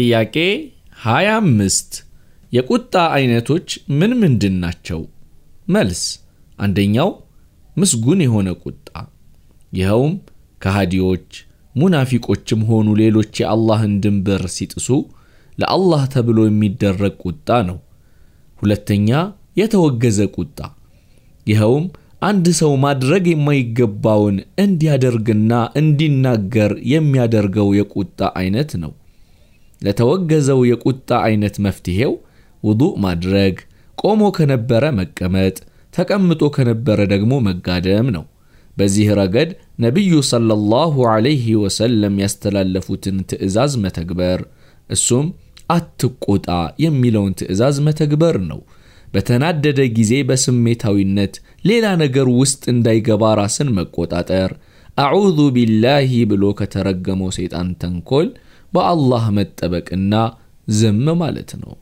ጥያቄ 25 የቁጣ አይነቶች ምን ምንድን ናቸው? መልስ፣ አንደኛው ምስጉን የሆነ ቁጣ፣ ይኸውም ከሃዲዎች ሙናፊቆችም ሆኑ ሌሎች የአላህን ድንበር ሲጥሱ ለአላህ ተብሎ የሚደረግ ቁጣ ነው። ሁለተኛ፣ የተወገዘ ቁጣ፣ ይኸውም አንድ ሰው ማድረግ የማይገባውን እንዲያደርግና እንዲናገር የሚያደርገው የቁጣ አይነት ነው። ለተወገዘው የቁጣ አይነት መፍትሄው ውዱእ ማድረግ፣ ቆሞ ከነበረ መቀመጥ፣ ተቀምጦ ከነበረ ደግሞ መጋደም ነው። በዚህ ረገድ ነቢዩ ሰለላሁ ዐለይሂ ወሰለም ያስተላለፉትን ትዕዛዝ መተግበር እሱም አትቆጣ የሚለውን ትዕዛዝ መተግበር ነው። በተናደደ ጊዜ በስሜታዊነት ሌላ ነገር ውስጥ እንዳይገባ ራስን መቆጣጠር፣ አዑዙ ቢላሂ ብሎ ከተረገመው ሰይጣን ተንኮል በአላህ መጠበቅና ዝም ማለት ነው